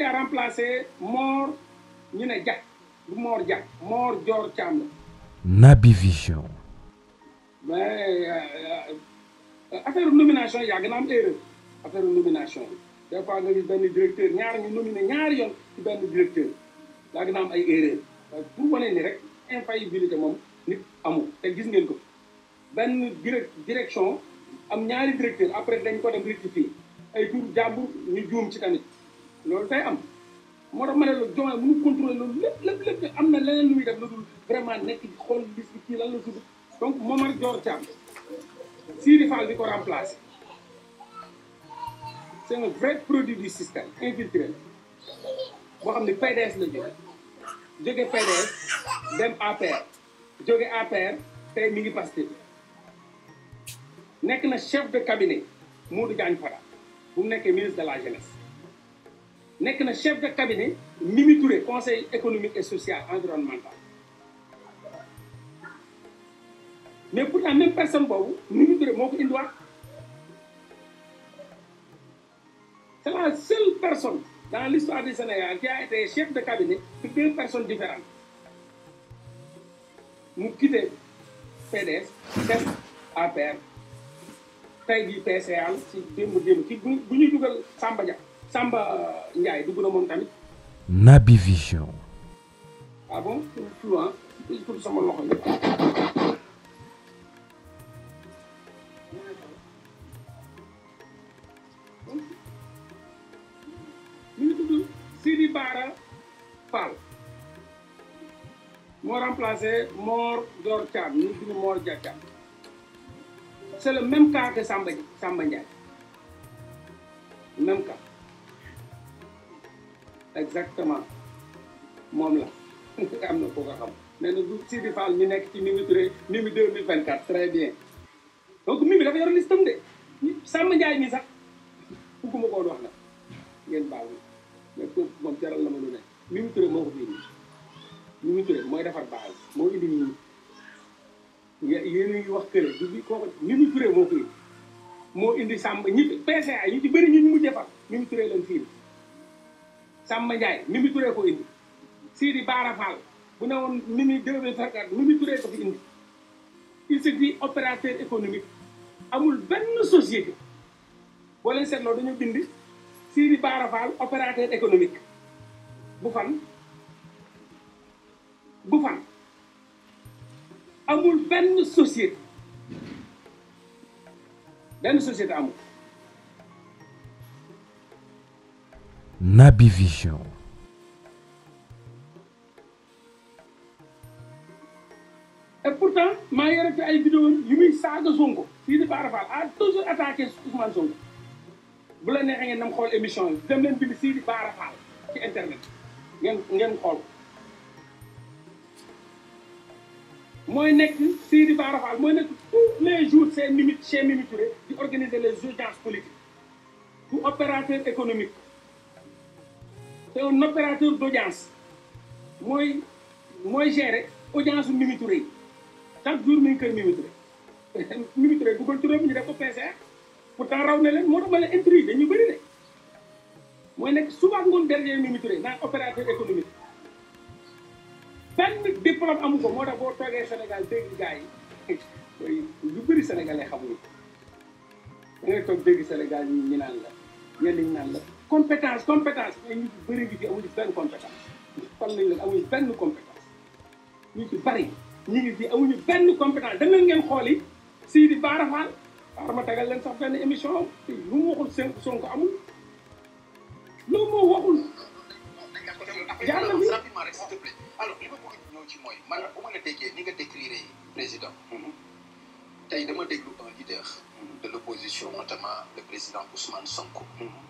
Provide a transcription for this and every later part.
qui a remplacé mort ñu ne Mort du Dior Vision. Ben, euh, euh, affaire nomination yag na am erreur affaire nomination des fois nga gis directeur ñaar ñu ñaar yoon directeur na am ay erreur euh, pour ni rek infaillibilité mom nit amu té gis ngeen direction am directeur après dañ ko dem ay loolu day am moo tax ma ne la Diomaye mënu contrôler loolu lépp lépp lépp am na leneen lu muy def lu dul vraiment nekk xool gis bi kii lan la tudd donc Momar Dior Thiam Siri Fall bi ko remplacé c' est un vrai produit du système infiltré boo xam ne PDS la jóge jóge PDS dem APR jóge APR tey mi ngi Pastef nekk na chef de cabinet Modou Diagne Fada bu mu nekkee ministre de la jeunesse nekk na chef de cabinet Mimi Touré conseil économique et social environnemental mais pour la même personne boobu Mimi Touré moko ko indiwaat c'est la seule personne dans l'histoire du Sénégal qui a été chef de cabinet de deux personnes différentes mu quitté PDS dem APR tay jii PCA ci démb dem ci buñu bu dugal Samba Dia Samba Ndiaye dugg na moom tamit. Naby Vision. ah bon souvent pour sama loxo ñëpp. mi ngi tudd Sidi Bara Fall moo remplacé Mor Dior Thiam ñu tudd Mor Dior Thiam c' est le même cas que Samba Samba Ndiaye même exactement moom la am na ko ko xam mais nag du Sidi Fall mi nekk ci Mimi Touré Mimi 2024 très bien donc Mimi dafa yor listam de Samba Ndiaye mi sax bugguma ko woon wax nag ngeen baal ma mais kooku moom jaral la ma lu ne Mimi Touré moo ko fi indi Mimi mooy defar base moo indi ñun yéen a wax kële du bi kooku Mimi Touré moo indi moo indi Samba ñi PCA yi ci bëri ñu ñu mujj defar Mimi Touré leen fii indi Samba Ndiaye Mimi Touré ko indi Sidi Bara bu ne woon Mimi 2024 Mimi Touré ko fi indi il se dit opérateur économique amul benn société boo leen seetloo dañu bind Sidi Bara Fall économique bu fan bu fan amul benn société benn société amul Nabi Vision. Et pourtant maa yore fi ay vidéo yu muy saaga Sonko fii di a toujours attaqué Ousmane Sonko bu la neexee ngeen nam xool émission yi dem le bind de di Bara ci internet ngeen ngeen xool mooy nekk si di Bara Fall tous les jours c'est Mimi chez Mimi Touré di organiser les audiences politiques du opérateurs économiques. te un opérateur d' audience mooy mooy gérer audience su Mimi chaque jour mi ngi kër Mimi Touré Mimi bu ko turam ñu def ko PCR pourtant raw ne leen moo tax ma la intrigué dañu bëri de mooy nekk suba ngoon dernier Mimi Touré naan opérateur économique benn diplôme amu ko moo tax boo toogee Sénégal dégg gars yi lu bëri sénégalais xamuñu da ngay toog dégg Sénégal ñu naan la ñenn ñi naan la. compétence compétence mais ñu ci bëri gi ci amuñu benn compétence kon nañ leen amuñu benn compétence ñu ci bëri ñu fi amuñu benn compétence dem leen ngeen xool yi Sidi Bara Fall war ma tegal leen sax benn émission te lu mu waxul seen Sonko amul loolu moo waxul jaar na fi rapidement rek s'il te plaît alors li ma bëgg ñëw ci mooy man bu ma la déggee ni nga décrire président mhm. tey dama déglu un leader mhm. de l'opposition notamment le président Ousmane Sonko mhm.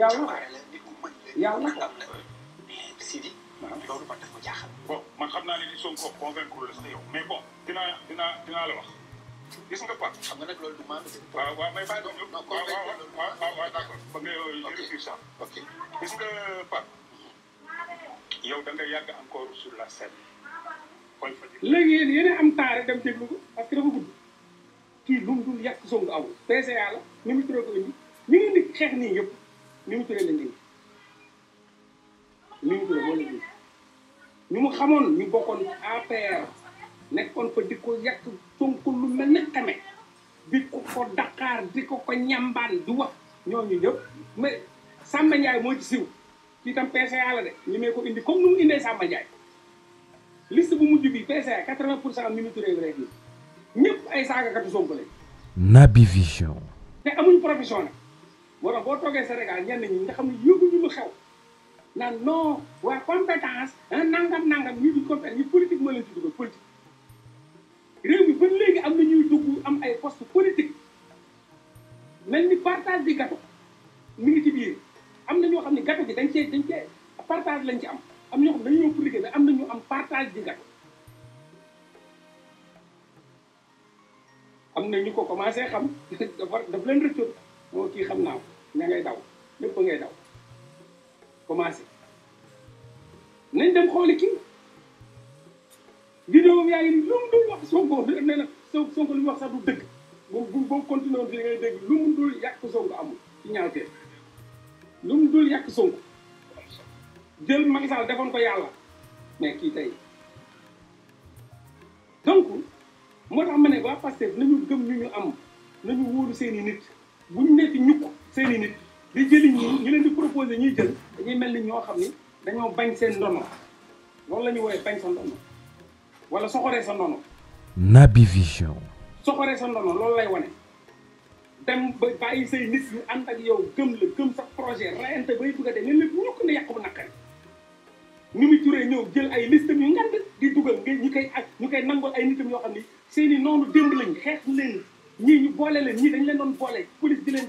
yàlla yàlla ko. loolu man xam naa ne ni Sonko convaincre la sax yow mais bon dinaa dinaa dinaa la wax nga Pape. xam nga nag loolu du mais bàyyi ko ñu. waaw waaw waaw waaw euh, gis yow da nga yàgg encore sur la scène. xool léegi yéen yéen am taare dem déglu ko parce que dafa gudd. kii lu mu dul yàq Sonko awul PCA la ministre ko indi ñu ngi xeex nii yëpp. Mimi Touré la ñu Mimi Touré mu xamoon ñu bokkoon APR nekkoon fa di ko yàq Sonko lu mel ne xame di ko ko Dakar di ko ko ñambaan du wax ñooñu ñëpp mais Samba Ndiaye moo ci siw ci tam PCA la de ñu mee ko indi comme nu mu indee Samba Ndiaye bu mujj bi PCA 80 pour cent Mimi Touré rek ñëpp ay saagakatu Sonko lañ. bi Vision. te amuñ profession nag. moo boo toogee Sénégal ñenn ñi nga xam ne yëguñu lu xew naan non waa compétence nangam nangam ñu duñ compétence ñu politique moo leen ci dugal politique. réew mi ba léegi am na ñuy dugg am ay post politique mel ni partage di gâteau mi ngi ci biir am na ñoo xam ne gâteau gi dañ cee dañ cee partage lañ ci am am na ñoo xam ne dañu ñëw pour liggéey mais am na ñu am partage di gâteau. am na ñu ko commencé xam dafa daf leen rëccoon moo kii xam naa na ngay daw lépp ngay daw commencé nañ dem xooli kii vidéo yaa ngi lu mu dul wax Sonko nee lu mu wax sax du dëgg bu boo lu mu dul yàq Sonko amul ci ñaawtee lu mu dul yàq Sonko jël Macky defoon ko yàlla mais kii tey donc moo tax ma ne waa Pastef nañu gëm ñu ñu am nañu wóolu seeni i nit buñu nekk ñukk seen i nit di jëli ñii ñu leen di proposé ñuy jël dañuy mel ni ñoo xam ni dañoo bañ seen ndono loolu la ñuy woowee bañ sa ndono wala soxoree sa ndono. Naby Vision. soxoree sa ndono loolu lay wane dem ba bàyyi say nit yu ànd ak yow gëm la gëm sa projet rayante bay bëgg a dem ñun lépp ñëpp na yàq bu naqari. ni turee ñëw jël ay listam yu ngand di dugal nga ñu koy ak ñu koy nangol ay nitam yoo xam ni seeni i noonu démb lañ xeex leen ñii ñu boole leen ñii dañ leen doon boole police di leen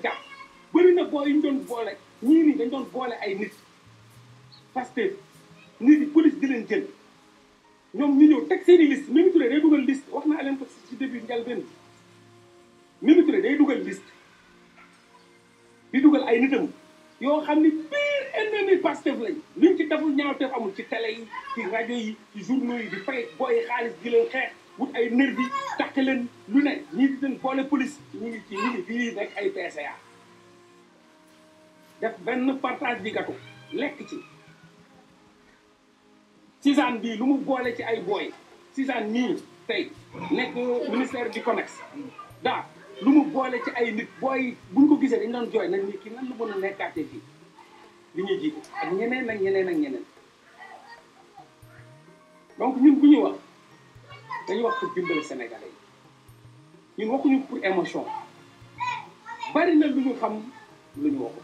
boo ñu doon boole ñii nii dañ boole ay nit parce que nit yi police di leen jël ñoom ñu ñëw teg seen i liste Mimi Touré day dugal liste wax naa leen ko ci début njëlbeen bi Mimi Touré day dugal liste di dugal ay nitam yoo xam ni pire ennemi Pastef lañ luñ ci deful ñaawteef amul ci télé yi ci rajo yi ci journaux yi di fay booy xaalis di leen xeex wut ay nervi bi takk leen lu ne ñii di leen boole police ñu ngi ci ñu ngi fii nekk ay PCA def benn partage bi gâteau lekk ci Cisane bii lu mu boole ci ay booy Cisane nii tey nekk ministère du commerce daa lu mu boole ci ay nit booy buñ ko gisee dañ doon jooy nag ni kii nan lu mën a nekkaatee fii li ñuy jiite ak ñeneen ak ñeneen ak ñeneen donc ñun bu ñuy wax dañuy wax pour dimbali Sénégalais yi ñun waxuñu pour émotion bari na lu ñu xam lu ñu waxul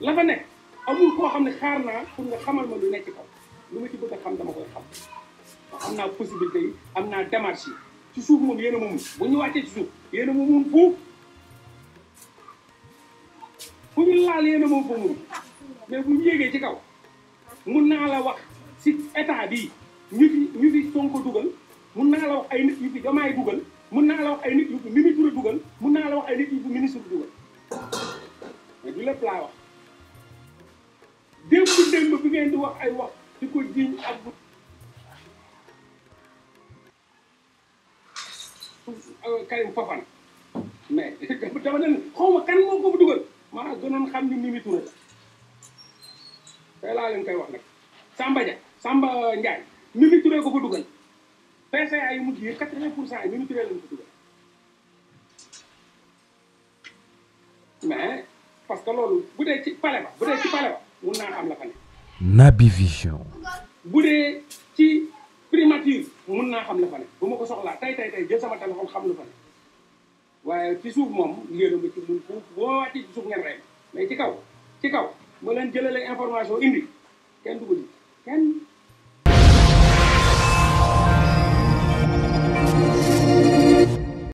la fa nekk amul koo xam ne xaar naa pour nga xamal ma lu nekk kaw lu ma ci bëgg a xam dama koy xam am naa possibilité yi am naa démarche yi ci suuf moom yéen a mun bu ñu wàccee ci suuf yéen a ma mun fuuf fu ñu laal yéen a fa mun mais bu ñu yéegee ci kaw mun naa la wax si état bi ñu fi ñu fi Sonko dugal mun naa la wax ay nit yu fi Diomaye dugal mun naa la wax ay nit yu fi Mimi Touré dugal mun naa la wax ay nit yu fi ministre dugal mais du lépp laa wax ngeen di wax ay wax di ko jiñ ak Karim Fofana mais dama ne xaw ma kan moo ko fa dugal maa gënoon xam ni Mimi Touré la tey laa leen koy wax nag Samba Dia Samba Ndiaye Mimi Touré ko fa dugal PCA yi mujj yi quatre-vingt pour cent yi Mimi Touré lañ ko dugal mais parce que loolu bu dee ci pale ba bu dee ci pale ba mun naa la fa ne Naby Vision. bu dee ci primature mun naa xam la fa ne bu ma ko soxlaa tey tey tey jël sama téléphone xam la fa waaye ci suuf moom ngeen ma ci mun ko woowaati ci suuf ngeen rey mais ci kaw ci kaw ma leen jëlale information indi kenn du ko kenn.